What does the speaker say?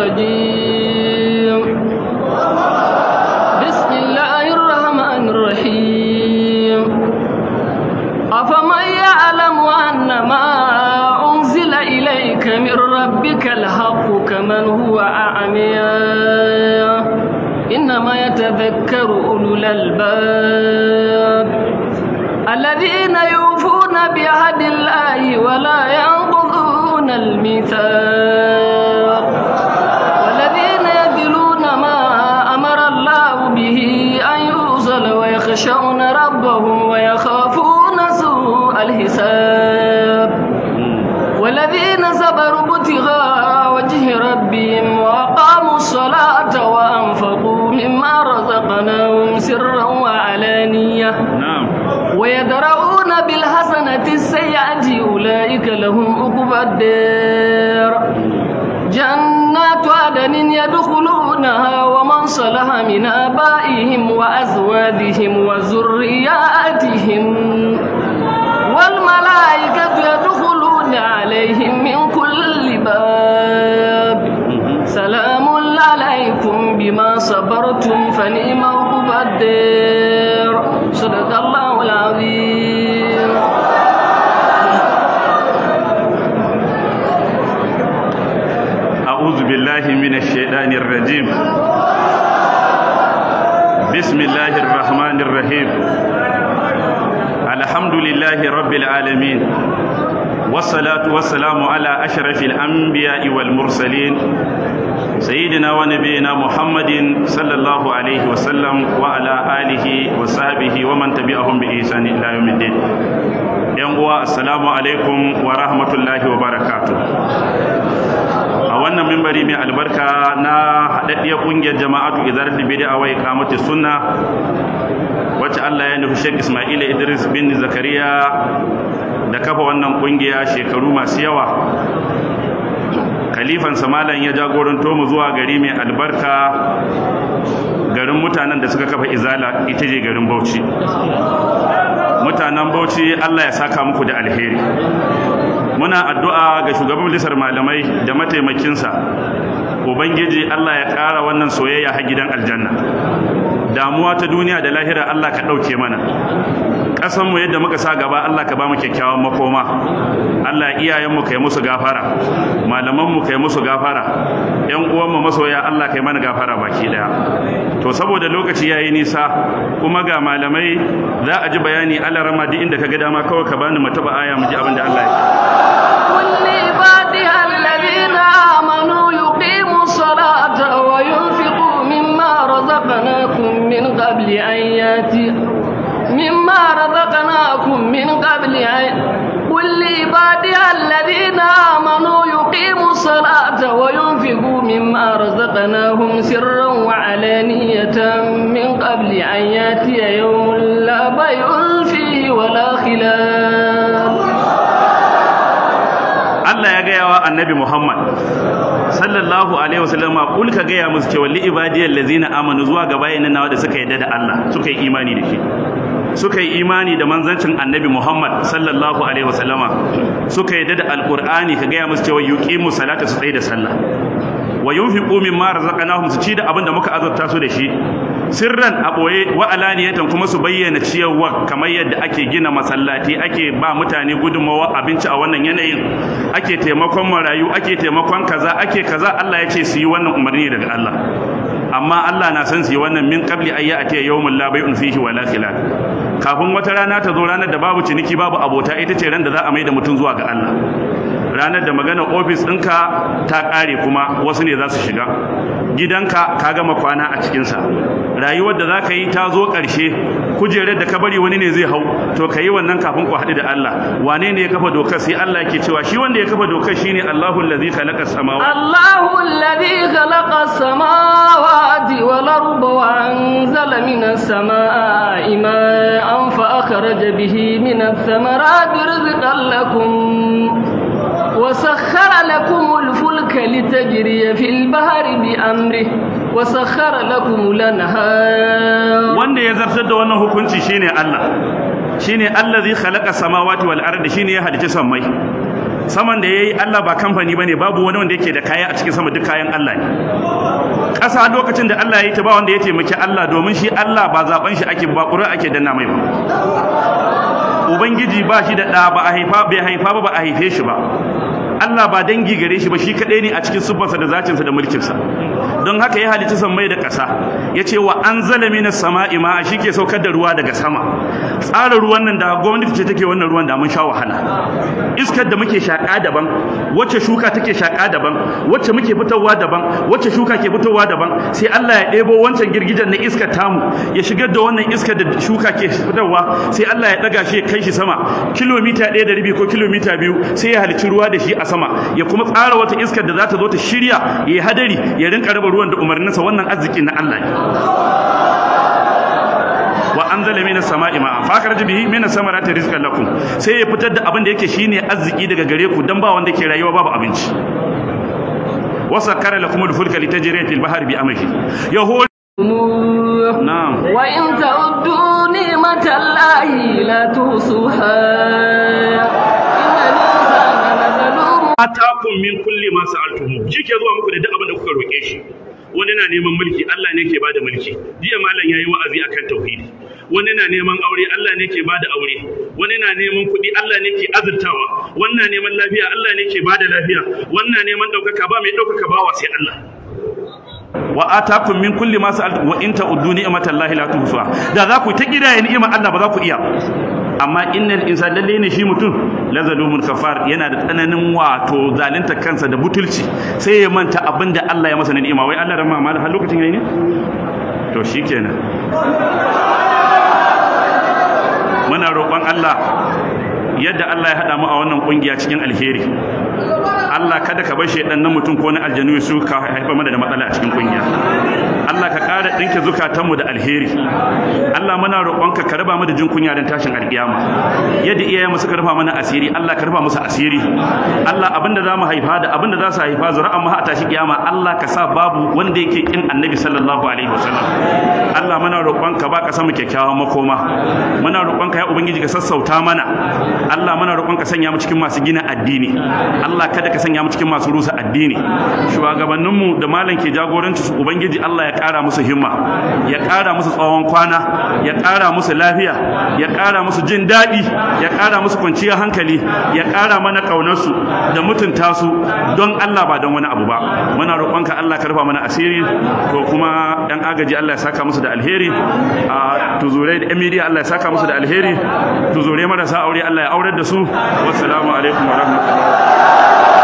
الرجيم بسم الله الرحمن الرحيم أفمن يعلم أن ما أنزل إليك من ربك الحق كمن هو أعمي إنما يتذكر أولو الألباب الذين يوفون بعهد الله ولا ينقضون الميثاق كانت السيئة أولئك لهم عقبى الدار جنات عدن يدخلونها ومن صلح من آبائهم وأزواجهم وذرياتهم والملائكة يدخلون أعوذ بالله من الشيطان الرجيم بسم الله الرحمن الرحيم الحمد لله رب العالمين والصلاة والسلام على أشرف الأنبياء والمرسلين سيدنا ونبينا محمد صلى الله عليه وسلم وعلى آله وصحبه ومن تبعهم بإحسان إلى يوم الدين يوم uwa assalamu alaikum wa albarka na haɗaɗɗiyar ƙungiyar jama'atu idar da bidi a wai kamata sunna wacce Allah ya nufi Sheikh Ismail Idris bin Zakariya da kafa wannan ƙungiya shekaru masu yawa khalifansa malam ya jagoranto mu zuwa gari mai albarka garin mutanen da suka kafa izala ita je garin Bauchi mutanen Bauchi Allah ya saka muku da alheri muna addu'a ga shugaban majalisar malamai da mataimakinsa ubangiji Allah ya ƙara wannan soyayya har gidan aljanna damuwa ta duniya da lahira Allah ka ɗauke mana Kasanmu mu yadda muka sa gaba Allah ka ba mu kyakkyawan makoma Allah iyayen mu kai musu gafara malaman mu kai musu gafara Ƴan uwan masoya Allah kai mana gafara baki daya to saboda lokaci yayi nisa kuma ga malamai za a ji bayani Allah rama duk inda kaga dama kawai ka bani mu taba aya mu ji abin da Allah ya Allah ya gaya wa annabi Muhammad sallallahu alaihi wasallam kul ka gaya musu cewa li ibadiyal ladzina amanu zuwa ga bayin nan wanda suka yarda da Allah suka yi imani da shi suka yi imani da manzancin annabi Muhammad sallallahu alaihi wasallama suka yi da alqur'ani ka gaya musu cewa yuqimu salata su tsaye da sallah wa yunfiqu mimma razaqnahum su ci da abin da muka azurta su da shi sirran a ɓoye wa alaniyatan kuma su bayyana ciyarwa kamar yadda ake gina masallati, ake ba mutane gudunmawa abinci a wannan yanayin ake taimakon marayu ake taimakon kaza ake kaza Allah ya ce su yi wannan umarni daga Allah amma Allah na san su yi wannan min qabli ayya ati yawmul la bay'un fihi wala khilaf kafin wata rana ta zo ranar da babu ciniki babu abota ita ce ran da za a mai da mutum zuwa ga Allah ranar da magana ofis ɗinka ta ƙare kuma wasu ne za su shiga gidanka ka gama kwana a sa rayuwar da zaka yi ta zo ƙarshe kujerar da ka bari wani ne zai hau to ka yi wannan kafin ku haɗu da Allah wane ne ya kafa dokar sai Allah yake cewa shi wanda ya kafa dokar shine Allahul ladzi khalaqa samawati Allahul ladzi khalaqa samawati wal arda wa anzala minas samaa'i ma'an fa akhraja bihi minath thamarati rizqan lakum وسخر لكم الفلك لتجري في البحر بأمره وسخر لكم الأنهار wanda ya zartar da wannan hukunci shine Allah shine allazi khalaqa samawati wal ardi shine ya halicci sammai saman da yayi Allah ba kamfani bane babu wani wanda yake da kaya a cikin sama duk kayan Allah ne ƙasa lokacin da Allah ya yi ta ba wanda ya taimaki Allah domin shi Allah ba zaben shi ake ba ake mai ba ubangiji ba shi da ɗa ba a haifa bai haifa ba ba a haife shi ba Allah ba dangi gare shi ba shi kaɗai ne a cikin siffarsa da zacinsa da mulkinsa don haka ya halitta sammai da ƙasa ya ce wa an zala minas sama'i ma shi ke saukar da ruwa daga sama tsara ruwan nan da gwamnati ce take wannan ruwan da mun sha wahala iskar da muke shaka daban wacce shuka take shaka daban wacce muke fitowa daban wacce shuka ke fitowa daban sai Allah ya debo wancan girgijan na iskar tamu ya shigar da wannan iskar da shuka ke fitowa sai Allah ya daga shi ya kai shi sama kilomita ɗaya da rubi ko kilomita biyu sai ya halicci ruwa da shi a sama ya kuma tsara wata iskar da za ta zo ta shirya ya hadari ya rinka raba ruwan da umarninsa wannan arziki na Allah ne wa anzala minas sama'i ma'an fa akarja bihi minas samarati rizqan lakum sai ya fitar da abin da yake shine arziki daga gare ku dan ba wanda ke rayuwa babu abinci وسكر لكم الفلك لتجري في البحر بأمره يهول نعم وإن تعدوا نعمة الله لا تحصوها إن الإنسان لظلوم atakum min kulli ma sa'altum shi ke zuwa muku da duk abin da kuka roke shi wani na neman mulki Allah ne ke bada mulki jiya malam yayi wa'azi akan tauhidi wani na neman aure Allah ne ke bada aure wani na neman kuɗi Allah ne ke azurtawa Wani na neman lafiya Allah ne ke bada lafiya Wani na neman ɗaukaka ba mai ɗaukaka bawa sai Allah wa atakum min kulli ma sa'altum wa in ta'uddu ni'matallahi la tuhsuha da za ku ta kidaye ni'imar Allah ba za ku iya amma innal insan lalle ne shi mutum lazalumun kafar yana da tsananin wato zalunta kansa da butulci sai ya manta abin da Allah ya masa na ni'ima wai Allah rama ma har lokacin yayi ne to shikenan muna roƙon Allah yadda Allah ya haɗa mu a wannan ƙungiya cikin alheri Allah kada ka bar shedan nan mutum ko na aljanu su ka haifa mana da matsala a cikin kunya Allah ka ƙara zukatan mu da alheri Allah muna roƙonka ka raba mu da jin kunya dan tashin alƙiyama yadda iyayenmu suka rufa mana asiri Allah ka rufa musu asiri Allah abinda za mu haifa da abinda za su haifa zura'an mu a tashi kiyama Allah ka sa babu wanda yake kin annabi sallallahu alaihi wasallam Allah muna roƙonka ba ka samu kyakkyawan makoma muna roƙonka ya ubangiji ka sassauta mana Allah muna roƙonka sanya mu cikin masu gina addini Allah kada kada ka sanya mu cikin masu rusa addini shugabanninmu da malam ke jagoranci su ubangiji Allah ya kara musu himma ya kara musu tsawon kwana ya kara musu lafiya ya kara musu jin daɗi ya kara musu kwanciyar hankali ya kara mana ƙaunarsu da mutunta su don Allah ba don wani abu ba muna roƙonka Allah ka rufa mana asiri to kuma ɗan agaji Allah ya saka musu da alheri a tuzurai da emiri midiya Allah ya saka musu da alheri tuzurai marasa aure Allah ya aurar da su wassalamu alaikum wa wabarakatuh